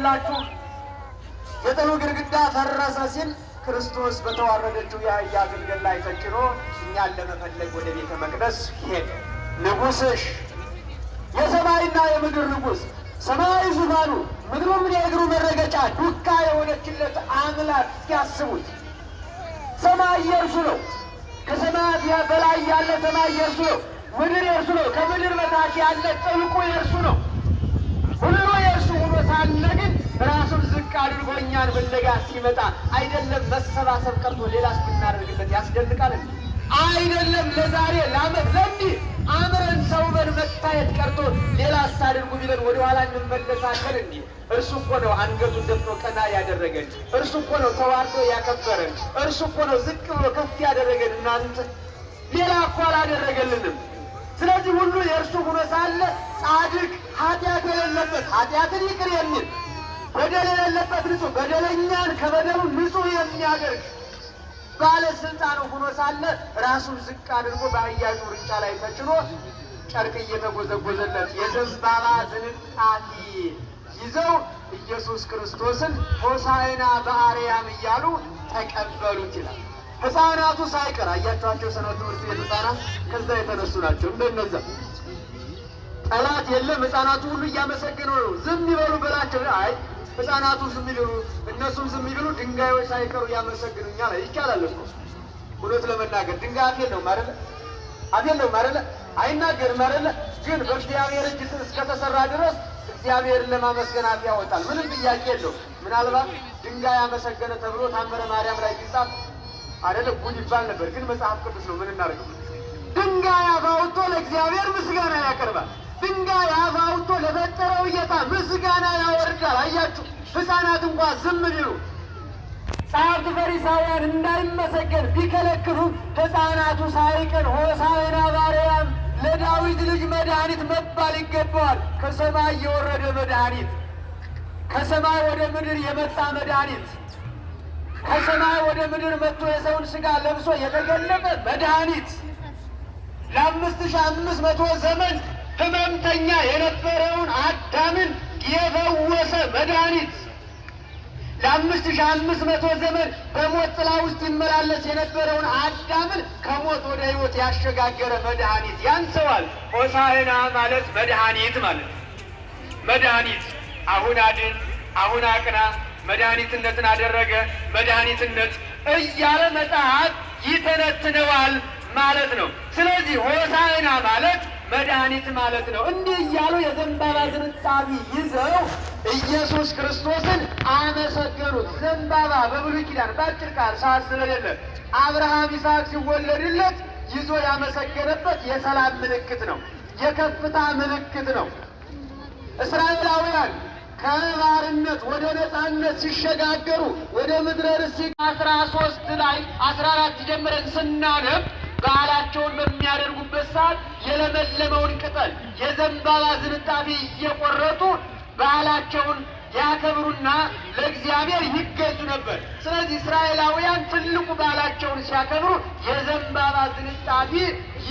እንዲሆንላችሁ የጥሉ ግድግዳ ፈረሰ ሲል ክርስቶስ በተዋረደችው የአህያ ግልገል ላይ ተጭኖ እኛን ለመፈለግ ወደ ቤተ መቅደስ ሄደ። ንጉሥሽ የሰማይና የምድር ንጉሥ ሰማያዊ ዙፋኑ ምድሩም የእግሩ መረገጫ ዱካ የሆነችለት አምላክ እስኪያስቡት ሰማይ የእርሱ ነው። ከሰማያት በላይ ያለ ሰማይ የእርሱ ነው። ምድር የእርሱ ነው። ከምድር በታች ያለ ጥልቁ የእርሱ ነው። ሁሉ የእርሱ ሆኖ ሳለ ግን ዝቅ አድርጎ እኛን ፍለጋ ሲመጣ አይደለም መሰባሰብ ቀርቶ ሌላስ ብናደርግበት ያስደንቃል። አይደለም ለዛሬ ለአመት ለእንዲህ አምረን ሰውበን መታየት ቀርቶ ሌላ አሳድርጉ ቢለን ወደኋላ እንመለሳለን። እንዲህ እርሱ እኮ ነው አንገቱን ደፍኖ ቀና ያደረገን። እርሱ እኮ ነው ተዋርዶ ያከበረን። እርሱ እኮ ነው ዝቅ ብሎ ከፍ ያደረገን። እናንተ ሌላ እኮ አላደረገልንም። ስለዚህ ሁሉ የእርሱ ሆኖ ሳለ ጻድቅ ኃጢአት የሌለበት ኃጢአትን ይቅር የሚል በደል የሌለበት ንጹሕ በደለኛን ከበደሉ ንጹሕ የሚያደርግ ባለስልጣን ሆኖ ሳለ ራሱን ዝቅ አድርጎ በአህያ ውርንጫ ላይ ተጭኖ ጨርቅ እየተጎዘጎዘለት የዘንባባ ዝንጣፊ ይዘው ኢየሱስ ክርስቶስን ሆሳዕና በአርያም እያሉ ተቀበሉት ይላል። ህፃናቱ ሳይቀር አያቸኋቸው። ሰነ ትምህርት ቤት ህፃናት ከዛ የተነሱ ናቸው። እንደነዛ ጠላት የለም። ህፃናቱ ሁሉ እያመሰገነው ነው። ዝም ይበሉ በላቸው። አይ ህጻናቱ ዝም ይሉ እነሱም ዝም ይሉ ድንጋዮች ሳይቀሩ ያመሰግኑኛል። ይቻላል እኮ እውነት ለመናገር ድንጋይ አፌለውም አይደለ አፌለውም አይደለ አይናገርም አይደለ ግን በእግዚአብሔር እጅ እስከተሰራ ድረስ እግዚአብሔርን ለማመስገን አፍ ያወጣል። ምንም ጥያቄ የለው። ምናልባት ድንጋይ አመሰገነ ተብሎ ታምረ ማርያም ላይ ቢጻፍ አይደለ ጉድ ይባል ነበር። ግን መጽሐፍ ቅዱስ ነው። ምን እናደርገው? ድንጋይ አፋውቶ ለእግዚአብሔር ምስጋና ያቀርባል። ድንጋይ አፋውቶ ለፈጠረው እየታ ምስጋና ያወርዳል። አያችሁ ሕፃናት እንኳ ዝም ቢሉ ጻፍት ፈሪሳውያን እንዳይመሰገን ቢከለክሉም ሕፃናቱ ሳይቀር ሆሳዕና በአርያም ለዳዊት ልጅ መድኃኒት መባል ይገባዋል። ከሰማይ የወረደ መድኃኒት፣ ከሰማይ ወደ ምድር የመጣ መድኃኒት፣ ከሰማይ ወደ ምድር መጥቶ የሰውን ስጋ ለብሶ የተገለጠ መድኃኒት ለአምስት ሺህ አምስት መቶ ዘመን ህመምተኛ የነበረውን አዳምን የፈወሰ መድኃኒት ለአምስት ሺህ አምስት መቶ ዘመን በሞት ጥላ ውስጥ ይመላለስ የነበረውን አዳምን ከሞት ወደ ህይወት ያሸጋገረ መድኃኒት ያንሰዋል። ሆሳዕና ማለት መድኃኒት ማለት መድኃኒት አሁን አድን፣ አሁን አቅና፣ መድኃኒትነትን አደረገ፣ መድኃኒትነት እያለ መጽሐፍ ይተነትነዋል ማለት ነው። ስለዚህ ሆሳዕና ማለት መድኃኒት ማለት ነው። እንዲህ እያሉ የዘንባባ ዝንጣቢ ይዘው ኢየሱስ ክርስቶስን አመሰገኑት። ዘንባባ በብሉይ ኪዳን በአጭር ቃል ሰዓት ስለሌለ አብርሃም ይስሐቅ ሲወለድለት ይዞ ያመሰገነበት የሰላም ምልክት ነው። የከፍታ ምልክት ነው። እስራኤላውያን ከባርነት ወደ ነፃነት ሲሸጋገሩ ወደ ምድረ ርስት አስራ ሶስት ላይ አስራ አራት ጀምረን ስናነብ በዓላቸውን በሚያደርጉበት ሰዓት የለመለመውን ቅጠል የዘንባባ ዝንጣፊ እየቆረጡ በዓላቸውን ያከብሩና ለእግዚአብሔር ይገዙ ነበር። ስለዚህ እስራኤላውያን ትልቁ በዓላቸውን ሲያከብሩ የዘንባባ ዝንጣፊ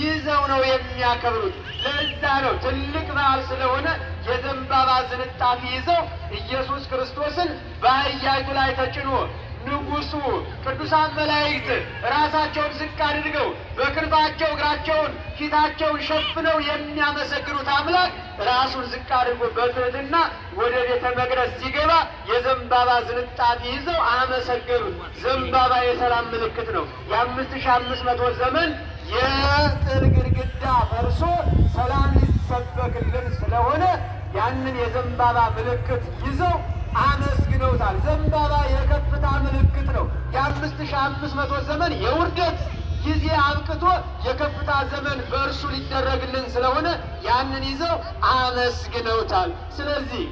ይዘው ነው የሚያከብሩት። ለዛ ነው ትልቅ በዓል ስለሆነ የዘንባባ ዝንጣፊ ይዘው ኢየሱስ ክርስቶስን በአህያይቱ ላይ ተጭኖ ንጉሱ ቅዱሳን መላእክት ራሳቸውን ዝቅ አድርገው በክንፋቸው እግራቸውን ፊታቸውን ሸፍነው የሚያመሰግኑት አምላክ ራሱን ዝቅ አድርጎ በትህትና ወደ ቤተ መቅደስ ሲገባ የዘንባባ ዝንጣፊ ይዘው አመሰገኑ። ዘንባባ የሰላም ምልክት ነው። የአምስት ሺህ አምስት መቶ ዘመን የጥል ግድግዳ ፈርሶ ሰላም ሊሰበክልን ስለሆነ ያንን የዘንባባ ምልክት ይዘው አመስግነውታል። ዘንባባ የከፍታ ምልክት ነው። የአምስት ሺህ አምስት መቶ ዘመን የውርደት ጊዜ አብቅቶ የከፍታ ዘመን በእርሱ ሊደረግልን ስለሆነ ያንን ይዘው አመስግነውታል። ስለዚህ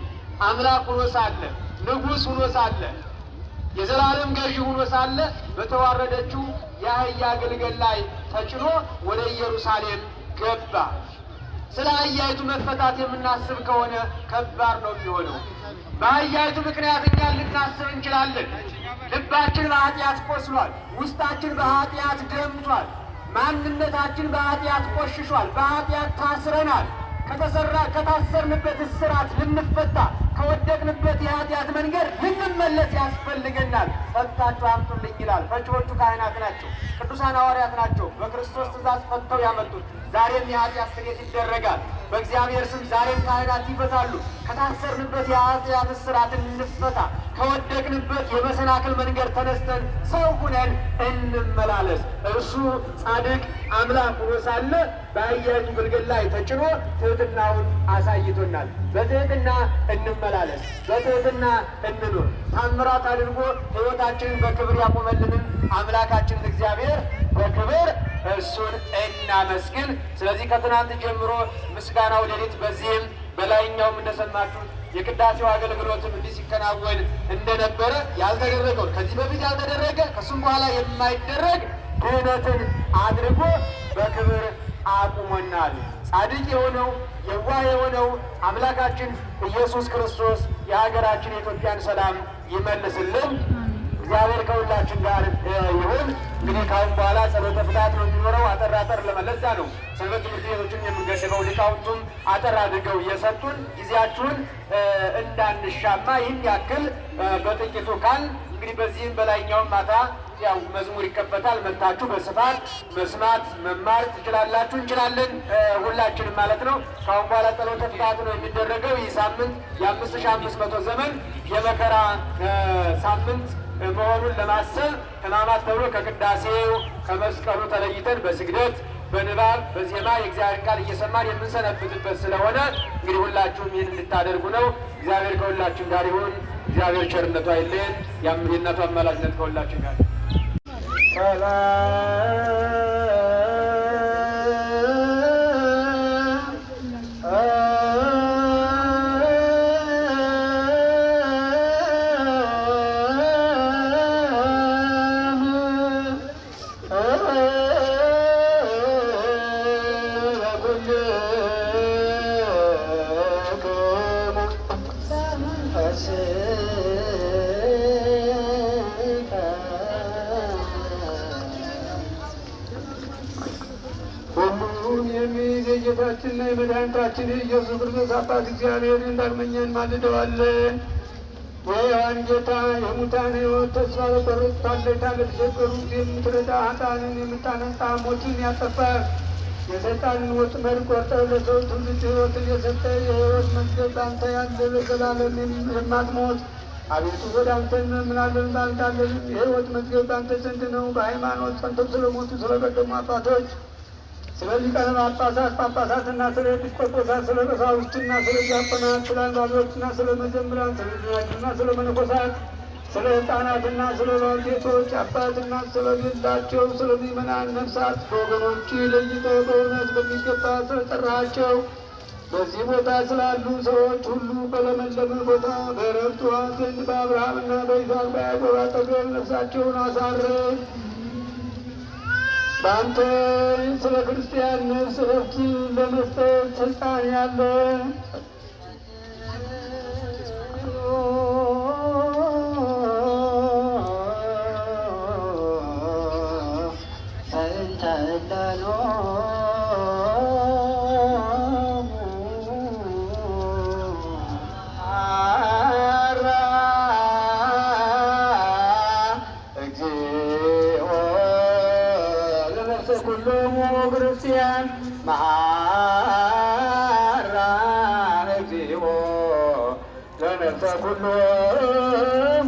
አምላክ ሆኖ ሳለ፣ ንጉሥ ሆኖ ሳለ፣ የዘላለም ገዢ ሆኖ ሳለ በተዋረደችው የአህያ ግልገል ላይ ተጭኖ ወደ ኢየሩሳሌም ገባ። ስለ አህያይቱ መፈታት የምናስብ ከሆነ ከባድ ነው የሚሆነው። በአህያይቱ ምክንያት እኛ ልናስብ እንችላለን። ልባችን በኃጢአት ቆስሏል። ውስጣችን በኃጢአት ደምቷል። ማንነታችን በኃጢአት ቆሽሿል። በኃጢአት ታስረናል። ከተሰራ ከታሰርንበት እስራት ልንፈታ ከወደቅንበት የኃጢአት መንገድ ልንመለስ ያስፈልገናል። ፈታችሁ አምጡልኝ ይላል። ፈቺዎቹ ካህናት ናቸው፣ ቅዱሳን ሐዋርያት ናቸው። በክርስቶስ ትእዛዝ ፈተው ያመጡት። ዛሬም የኃጢአት ስርየት ይደረጋል። በእግዚአብሔር ስም ዛሬም ካህናት ይፈታሉ። ከታሰርንበት የኃጢአት እስራት እንፈታ። ከወደቅንበት የመሰናክል መንገድ ተነስተን ሰው ሁነን እንመላለስ። እርሱ ጻድቅ አምላክ ሆኖ ሳለ በአህያይቱ ግልገል ላይ ተጭኖ ትህትናውን አሳይቶናል። በትህትና እንመ እንቀበላለን። በትህትና እንኑር። ታምራት አድርጎ ሕይወታችንን በክብር ያቆመልንን አምላካችን እግዚአብሔር በክብር እሱን እናመስግን። ስለዚህ ከትናንት ጀምሮ ምስጋናው ሌሊት በዚህም በላይኛውም እንደሰማችሁ የቅዳሴው አገልግሎትም እንዲህ ሲከናወን እንደነበረ ያልተደረገውን ከዚህ በፊት ያልተደረገ ከሱም በኋላ የማይደረግ ድህነትን አድርጎ በክብር አቁሞናል። ጻድቅ የሆነው የዋህ የሆነው አምላካችን ኢየሱስ ክርስቶስ የሀገራችን የኢትዮጵያን ሰላም ይመልስልን። እግዚአብሔር ከሁላችን ጋር ይሁን። እንግዲህ ካሁን በኋላ ጸሎተ ፍትሐት ነው የሚኖረው። አጠር አጠር ለመለዛ ነው ሰንበት ትምህርት ቤቶችን የምንገሽበው ሊቃውንቱም አጠር አድርገው እየሰጡን ጊዜያችሁን እንዳንሻማ ይህን ያክል በጥቂቱ ካል እንግዲህ በዚህም በላይኛውም ማታ ያው መዝሙር ይከፈታል። መታችሁ በስፋት መስማት መማር ትችላላችሁ፣ እንችላለን ሁላችንም ማለት ነው። ከአሁን በኋላ ጸሎተ ፍትሐት ነው የሚደረገው። ይህ ሳምንት የአምስት ሺህ አምስት መቶ ዘመን የመከራ ሳምንት መሆኑን ለማሰብ ሕማማት ተብሎ ከቅዳሴው ከመስቀሉ ተለይተን በስግደት በንባብ በዜማ የእግዚአብሔር ቃል እየሰማን የምንሰነብትበት ስለሆነ እንግዲህ ሁላችሁም ይህን እንድታደርጉ ነው። እግዚአብሔር ከሁላችን ጋር ይሁን። እግዚአብሔር ቸርነቱ አይለየን። የእናቱ አማላጅነት ከሁላችን ጋር Bye-bye. ጌታችንና የመድኃኒታችን ኢየሱስ ክርስቶስ አባት እግዚአብሔርን ዳግመኛ እንማልደዋለን። ወያን ጌታ የሙታን ሕይወት ተስፋ ለቆረጡት ታለታ ለተቸገሩት የምትረዳ ኃጥአንን የምታነጻ ሞትን ያጠፋህ የሰይጣንን ወጥመድ ቆርጠ ለሰው ትውልድ ሕይወትን የሰጠ የሕይወት መንገድ ባንተ ያለ ለዘላለም የማትሞት አቤቱ ወደ አንተ እንለምናለን እንባልጣለን። የሕይወት መዝገብ በአንተ ዘንድ ነው። በሃይማኖት ጸንተው ስለሞቱ ስለቀደሙ አባቶች ስለዚህ ቀን ጳጳሳት ጳጳሳትና ስለ ኤጲስቆጶሳት ስለ ቀሳውስትና ስለ ዲያቆናት ስለ አንባቢዎችና ስለ መዘምራን ስለ ዲናችና ስለ መነኮሳት ስለ ሕፃናትና ስለ ባልቴቶች አባትና ስለ ቤታቸው ስለ ምእመናን ነፍሳት በወገኖች ለይተ በእውነት በሚገባ ስለጠራቸው በዚህ ቦታ ስላሉ ሰዎች ሁሉ በለመለመ ቦታ በረብቱ ውሃ ዘንድ በአብርሃምና በይስሐቅ በያዕቆብ አጠገብ ነፍሳቸውን አሳርፍ። በአንተ ስለ ክርስቲያን ነፍስ እረፍት ለመስጠት ስልጣን ያለ ಗುರು ಮಹಾರಾಣ ಜೀವೋ ಗಣಸ ಗುರು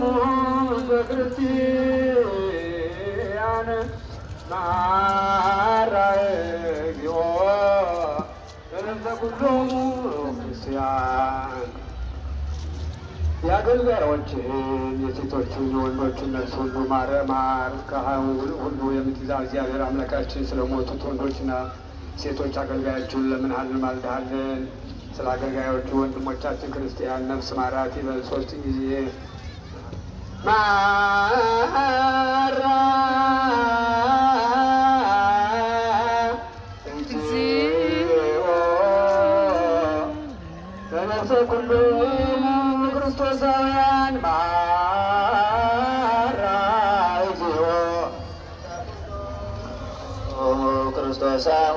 ಮೂಗೃತಿ ನಾರಾಯ ಜೀವೋ ಗಣಸ ಗುರು ಕೃಷ್ಣ የአገልጋዮችህን የሴቶቹን የወንዶቹን ነፍስ ሁሉ ማረማር ማር ሁሉ የምትዛ እግዚአብሔር አምላካችን ስለሞቱት ወንዶችና ሴቶች አገልጋዮቹን ለምንሃል ማልዳሃለን። ስለ አገልጋዮቹ ወንድሞቻችን ክርስቲያን ነፍስ ማራት ይበል ሶስት ጊዜ ማራ እግዚኦ ኩሉ ክርስቶሳውያን ማራይ ዚሆ ክርስቶሳ